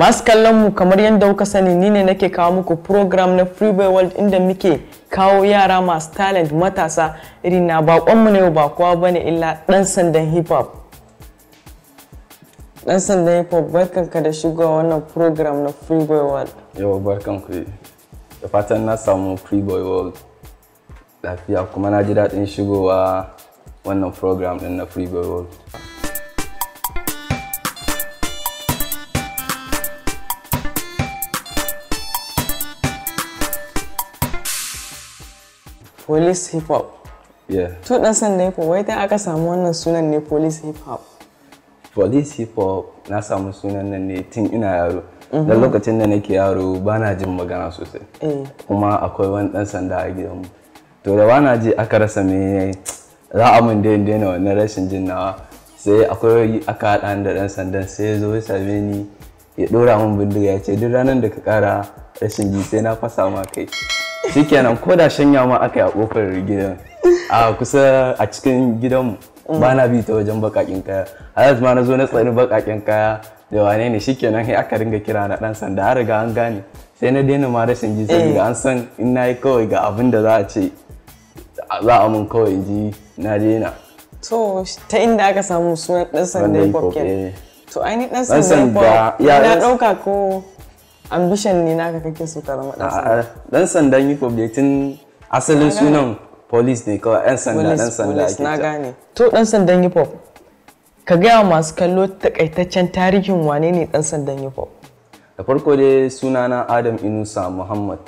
masu kallon mu kamar yadda kuka sani ni ne nake kawo muku program na freeway world inda muke kawo yara masu talent matasa irin na bakonmu ne ba kowa bane illa dan sandan hip hop dan sandan hip hop barkan ka da shigowa wannan program na freeway world yawa barkan ku da fatan na samu freeway world lafiya kuma na ji daɗin shigowa wannan program din na freeway world police hip hop to dan sanda hip wai dai aka samu wannan sunan ne police hip hop police hip hop na samu sunan nan ne tun ina yaro mhm. da lokacin da nake yaro bana jin magana sosai eh. kuma akwai wani dan sanda a gidanmu to da bana ji aka rasa me za a mun daina wannan rashin jin nawa sai akwai aka haɗa da dan sandan sai ya zo ya same ni ya ɗora min bindiga ya ce duk ranar da ka kara rashin ji sai na fasa ma kai shikenan ko da shanya ma aka yi a kofar gidan a kusa a cikin gidanmu ba na bi ta wajen bakakin kaya har ma na zo na tsani bakakin kaya da wane ne shikenan sai aka ringa kira na dan sanda har riga an gane sai na daina ma rashin ji saboda an san in nayi kawai ga abin da za a ce za a mun kawai ji na daina to ta inda aka samu sunan dan eh. sanda hip hop to ainihin dan sanda ya dauka ko ambition ne naka kake so ka zama dan sanda dan sandan yi tun asalin sunan police ne kawai yan sanda dan sanda ake na gane to dan sandan hip hop ka gaya masu kallo takaitaccen tarihin wane ne dan sandan hip hop da farko dai sunana adam inusa muhammad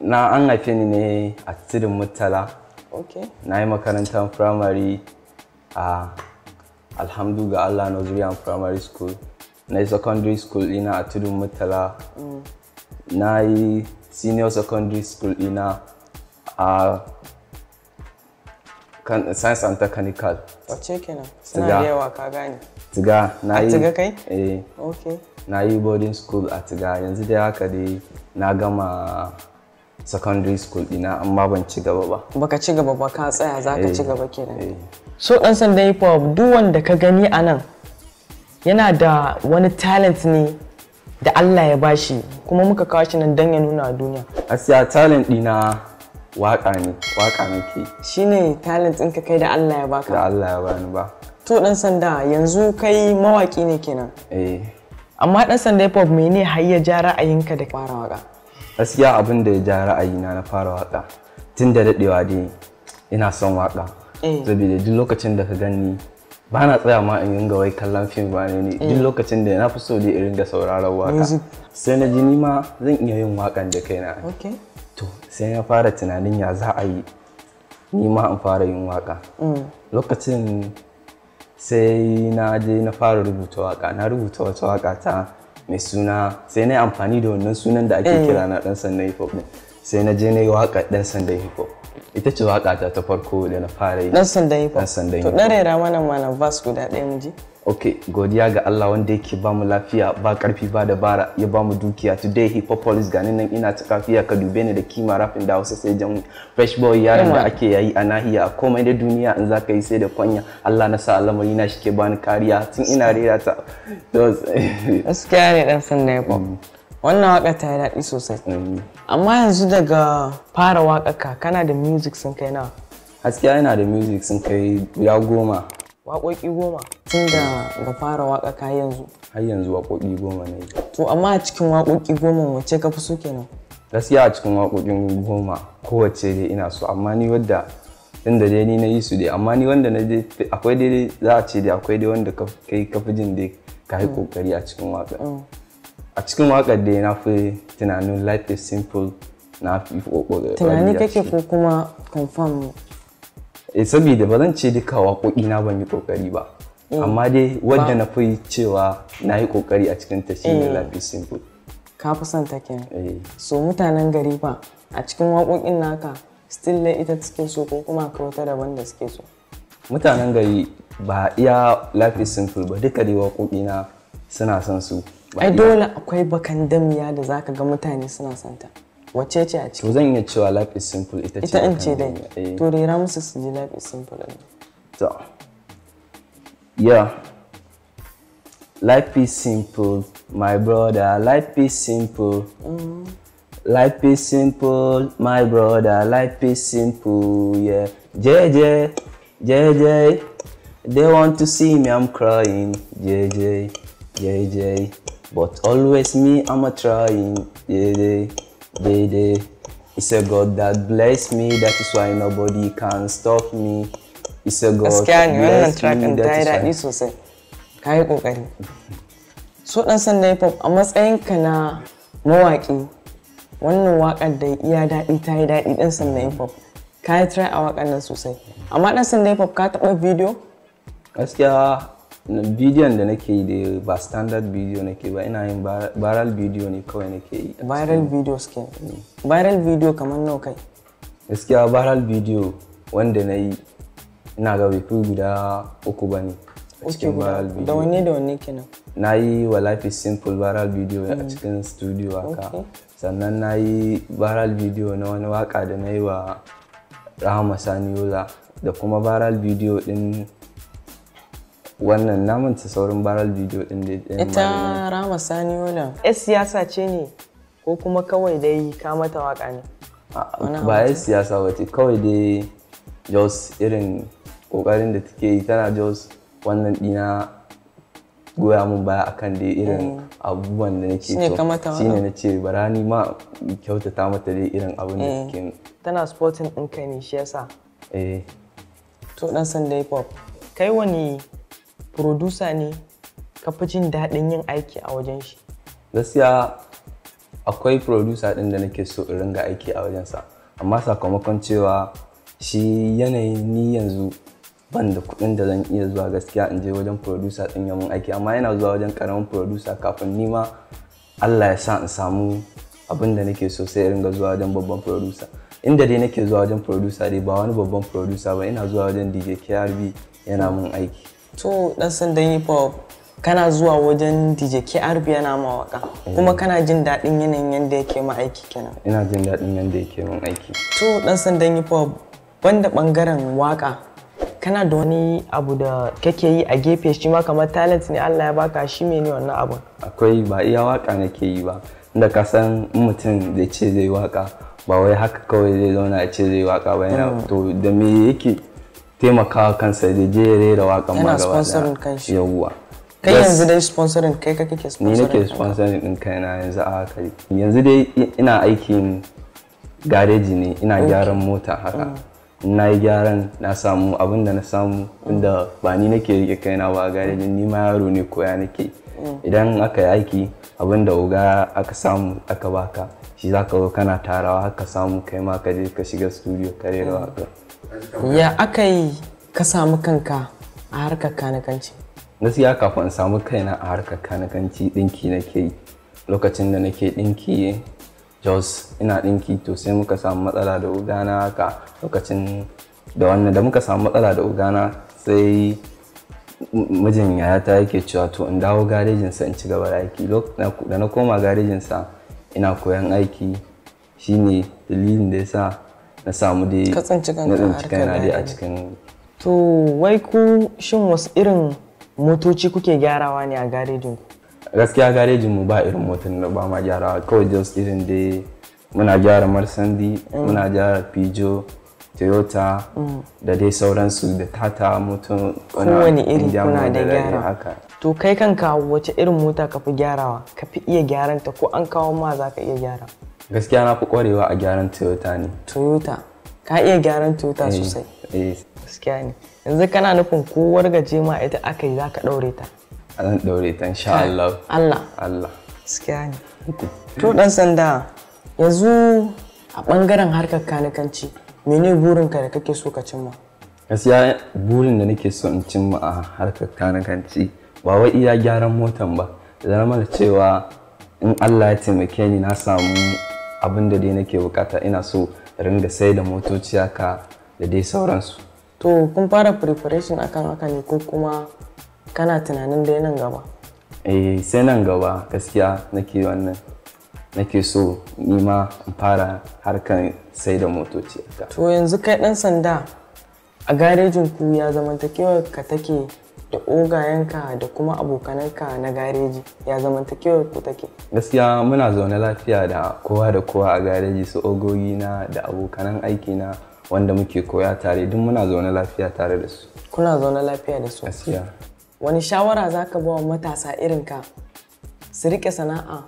na an haife ni ne a cikin murtala na yi makarantar firamare a alhamdu ga allah na zuriya primary school na yi secondary school ina a tudun mutala na yi senior secondary school ina a science and technical wacce kenan suna da yawa ka gane tiga na yi tiga kai eh okay na yi boarding school a tiga yanzu dai haka dai na gama secondary school dina amma ban ci gaba ba baka ci gaba ba ka tsaya za ka eh. ci gaba kenan eh. so dan sanda hip hop duk wanda ka gani a nan yana da wani talent ne da Allah ya bashi kuma muka kawo shi nan don ya nuna a duniya. Asiya talent dina waka ne, waka nake. Shi ne talent ɗinka kai da Allah ya baka? Da Allah ya bani ba. To ɗan sanda yanzu kai mawaki ne kenan. Eh. Amma ɗan sanda hip hop mene har ya ja ra'ayinka da fara waka? Gaskiya abin da ya ja ra'ayina na fara waka tun da daɗewa dai ina son waka. Eh. Saboda duk lokacin da ka gani ba na tsaya ma in yunga wai kallon fim ba ne duk eh. lokacin da na fi so da irin da sauraron waka sai na ji ni ma zan iya yin wakan da kaina to sai na fara tunanin ya za a yi ni ma in fara yin waka mm. lokacin sai na je na fara rubuta waka na rubuta wata waka ta mai suna sai na yi amfani da wannan sunan da ake eh. kira na dan sanda hip hop sai na je na yi waka dan sanda hip hop ita ce waka ta ta farko da na fara yi dan sandan yi dan sandan to dan rera mana mana vas guda ɗaya mu ji ok godiya ga Allah wanda yake ba mu lafiya ba karfi ba dabara ya ba mu dukiya today hip hop police ganin nan ina ta kafiya ka dube ni da kima rafin da Hausa sai jan fresh boy yaran da ake yayi a nahiya komai da duniya in zaka yi sai da kwanya Allah na sa al'amari na shi ke bani kariya tun ina rera ta gaskiya askare dan wannan waka ta yi daɗi sosai mm. amma yanzu daga fara waƙaka kana da music sun kai na haskiya yana da music sun kai guda goma waƙoƙi goma tun da ga fara waƙaka yanzu har yanzu waƙoƙi goma ne to amma a cikin waƙoƙi goma wacce ka fi so kenan gaskiya a cikin waƙoƙin goma kowace dai ina so amma ni wadda inda dai ni na yi su dai amma ni wanda na dai akwai dai za a ce dai akwai dai wanda kai kafi jin dai ka yi kokari mm. a cikin waƙa mm. a cikin wakar da na fi tunanin life is simple na fi ƙoƙo tunani kake ko kuma confirm e saboda ba zan ce duka waƙoƙi na ban yi ƙoƙari ba mm. amma dai wadda na fi cewa na yi ƙoƙari a cikin ta shi ne eh. life is simple ka fi son ta kenan eh. so mutanen gari ba a cikin waƙoƙin naka still na ita suke so ko kuma ka wata daban da suke so mutanen gari ba iya life is simple ba duka dai waƙoƙi na suna son su ai dole akwai bakan damiya da zaka ga mutane suna santa wacce ce a ciki to zan iya cewa life is simple ita ce ita in ce dai eh. to rera musu su ji life is simple to yeah life is simple my brother life is simple mm. life is simple my brother life is simple yeah jj jj they want to see me i'm crying jj jj But always me, I'm a trying. day day day day It's a God that bless me. That is why nobody can stop me. It's a God Gaskiya ne wannan track ɗin ta yi sosai. Ka yi ƙoƙari. So ɗan sanda hip hop a ka na mawaƙi wannan waƙar da iya daɗi ta yi daɗi ɗan sanda hip hop. Ka yi try a waƙar nan sosai. Amma dan sanda hip hop ka taɓa bidiyo? Gaskiya bidiyon da nake yi da ba standard bidiyo nake ba ina yin viral bidiyo ne kawai nake yi viral video suke mm. viral video kamar nau kai gaskiya viral video wanda na yi ina ga bai guda uku ba ne a cikin viral da wanne da wanne kenan na yi wa life is simple viral video a mm. cikin studio haka sannan na yi viral video na wani waka da na yi wa rahama saniola da kuma viral video din wannan na manta saurin baral video din da ita rama sani wannan es siyasa ce ne ko kuma kawai dai ka mata waka ne ba ya siyasa ba ce kawai dai jos irin kokarin da take yi tana jos wannan dina goya mun baya akan dai irin mm. abubuwan da nake so shi ne na ce bara ni ma kyautata mata dai irin abin da eh. take tana sporting in kai ne shi yasa eh to dan sanda hip hop kai wani producer ne ka fi jin daɗin yin aiki a wajen shi gaskiya akwai producer ɗin da nake so in ringa aiki a wajensa amma sakamakon cewa shi yanayi ni yanzu ban da kuɗin da zan iya zuwa gaskiya in je wajen producer ɗin yamin aiki amma yana zuwa wajen ƙaramin producer kafin ni ma Allah ya sa in samu abin da nake so sai ringa zuwa wajen babban producer inda dai nake zuwa wajen producer dai ba wani babban producer ba ina zuwa wajen DJ KRB yana mun aiki to dan sandan hip hop kana zuwa wajen DJ KRB yana mawaka kuma eh. kana jin daɗin yanayin yadda yake ma aiki kenan ina jin daɗin yadda yake mun aiki to dan sandan hip hop banda bangaren waka kana da wani abu da kake yi a gefe shi ma kamar talent ne Allah ya baka shi ne wannan abu. akwai ba iya waka nake yi ba da ka san mutum da ce zai waka ba wai haka kawai zai zauna a ce zai waka ba yana mm. to da me yake taimakawa kansa da je ya rera waƙan ma gaba ɗaya kai yanzu dai sponsorin kai ka kake sponsorin ni nake sponsorin din na yanzu a haka yanzu dai ina aikin gareji ne ina gyaran mota haka mm. na yi gyaran na samu abin da na samu inda ba ni nake rike kaina ba garejin ni ma yaro ne koya nake mm. idan aka yi aiki abin da oga aka samu aka baka shi zaka zo kana tarawa haka samu kai ma ka je ka shiga studio ka rera mm. waka ya aka yi ka samu kanka a harkar kanakanci gaskiya kafin in samu kaina a harkar kanakanci ɗinki nake yi lokacin da nake ɗinki jos ina ɗinki to sai muka samu matsala da ugana haka lokacin da wannan da muka samu matsala da ugana sai mijin yayata yake cewa to in dawo garejinsa in ci gaba da aiki da na koma garejinsa ina koyan aiki shine dalilin da yasa na samu dai ka tsanci kanka dai a cikin to wai ku shin wasu irin motoci kuke gyarawa ne a garejin ku gaskiya garejin mu ba irin motar da ba ma gyarawa kawai just irin dai muna gyara marsandi mm. muna gyara pijo toyota mm. da dai sauransu da tata moto kowane irin kuna da gyara haka to kai kanka wace irin mota ka fi gyarawa ka fi iya gyaranta ko an kawo ma za ka iya gyara gaskiya na fi kwarewa a gyaran toyota ne toyota ka iya gyaran toyota eh, sosai eh. gaskiya ne yanzu kana nufin kowar gaje ma ita aka yi za ka ɗaure ta a zan ɗaure ta insha Allah Allah Allah gaskiya ne to dan sanda yanzu a ɓangaren harkar kanikanci mene burinka da kake so ka cimma gaskiya burin da nake so in cimma a harkar kanikanci ba wai iya gyaran motan ba da zama da cewa in Allah ya taimake ni na samu abin da dai nake bukata ina so ringa sai da motoci haka da dai sauransu to kun fara preparation akan haka ne ko kuma kana tunanin dai nan gaba eh sai nan gaba gaskiya nake wannan nake so nima in fara harkan sai da motoci to yanzu kai dan sanda a garejin ku ya zamantakewa ka take da ogayenka da kuma abokananka na gareji ya zamantakewar ku take gaskiya muna zaune lafiya da kowa da kowa a gareji su ogogi na da abokanan aiki na wanda muke koya tare duk muna zaune lafiya tare da su kuna zaune lafiya da su gaskiya wani shawara zaka ba wa matasa irin ka su rike sana'a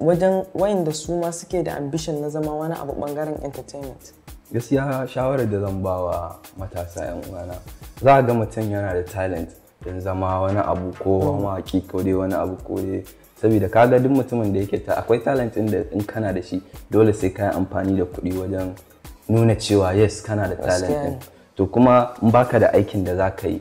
wajen wayanda su ma suke da ambition na zama wani abu bangaren entertainment gaskiya shawarar da zan ba wa matasa 'yan uwana za a ga mutum yana da talent don zama wani abu ko hmm. mawaki ko dai wani abu ko dai saboda kaga duk mutumin da yake ta akwai talent da in kana da shi dole sai ka yi amfani da kuɗi wajen nuna cewa yes kana da talent din to kuma in baka da aikin da za ka yi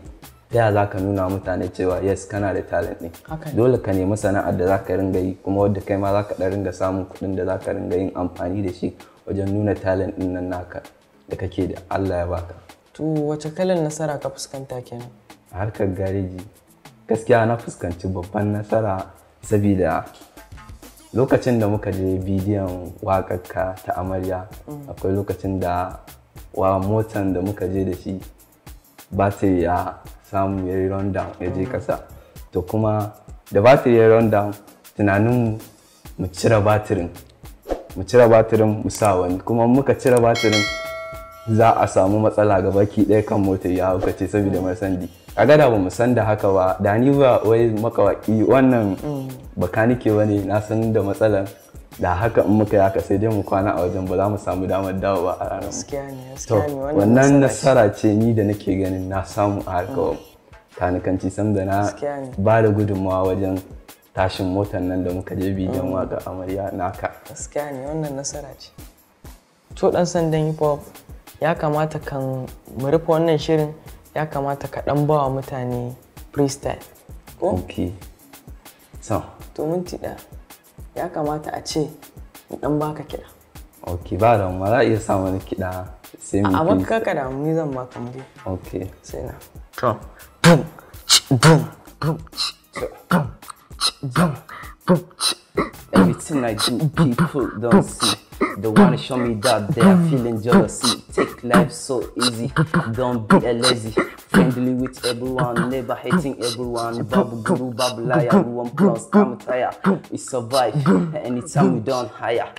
ta za ka nuna mutane cewa yes kana da talent din dole ka nemi sana'ar da za ka ringa yi kuma wadda kai ma za ka ɗan ringa samun kuɗin da za ka ringa yin amfani da shi wajen nuna talent din nan naka da kake da Allah ya baka To wace kalan nasara ka fuskanta kenan? harkar gareji gaskiya na fuskanci babban nasara saboda lokacin da muka je bidiyon wakarka ta amarya mm. akwai lokacin da wa motan da muka je da shi batiri ya samu ya yi rundown ya je kasa mm. to kuma da ba ya yi rundown tunanin mu cire batirin mu cire batirin mu sa wani kuma muka cire batirin za a samu matsala ga baki ɗaya kan mota ya haukace saboda mai sandi gada gada bamu san da haka ba da ni ba wai makawaki wannan bakanike ne. na san da matsalan da haka in muka yaka sai dai mu kwana a wajen ba za mu samu damar dawo ba a ranar to wannan nasara ce ni da nake ganin na samu a harkar kanikanci mm. sam da na ba da gudunmawa wajen tashin motar nan da muka je bidiyon mm. waka amarya naka gaskiya ne wannan nasara ce to dan sandan hip hop ya kamata kan mu rufe wannan shirin ya kamata ka dan bawa mutane freestyle ko ok so to minti da ya kamata a ce mu dan baka kiɗa ok ba da ma za a iya sa wani kiɗa sai mu a kaka da mu zan baka mu ok sai na to boom boom boom boom boom boom Everything I do, people don't see. The one show me that they are feeling jealousy. Take life so easy, don't be a lazy. Friendly with everyone, never hating everyone. Babu guru, babu liar, you want plus, I'm tired. We survive, anytime we don't hire.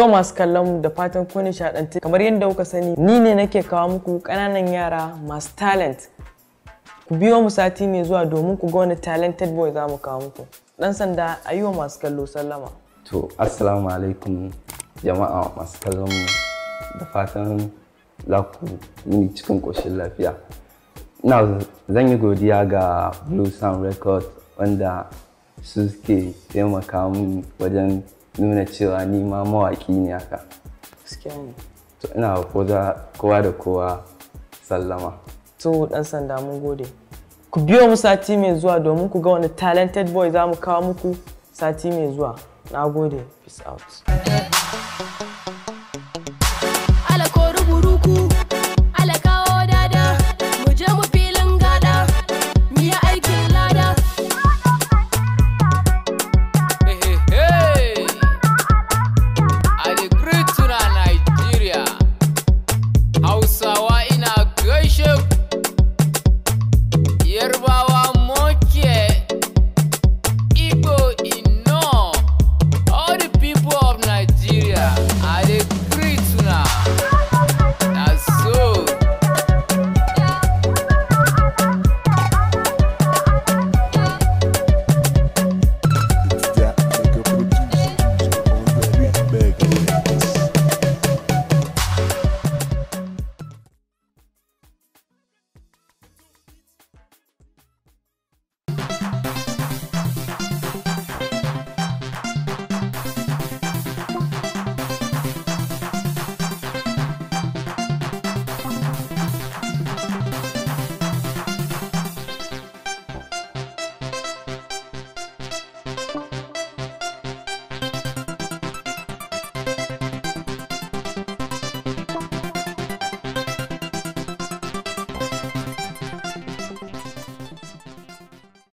To masu kallon mu da fatan kun nishaɗantu kamar yadda kuka sani ni ne nake kawo muku ƙananan yara masu talent. Ku biyo mu sati mai zuwa domin ku ga wani talented boy za mu kawo muku. Ɗan sanda a ayyuwa masu kallo sallama. To assalamu alaikum jama'a masu kallon mu da fatan za ku yi cikin ƙoshin lafiya. Ina zan yi godiya ga Blue Sound Record wanda su suke taimaka mun wajen nuna cewa ni ma mawaƙi ne haka to ina kowa da kowa sallama to dan sanda mun gode ku biyo mu sati mai zuwa domin ku ga wani talented boy za mu kawo muku sati mai zuwa na gode peace out